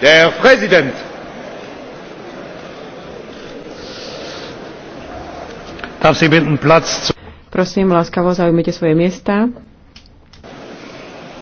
Der Herr Präsident. Darf Sie bitten, Platz zu Prosím, láskavo zaujmite svoje miesta.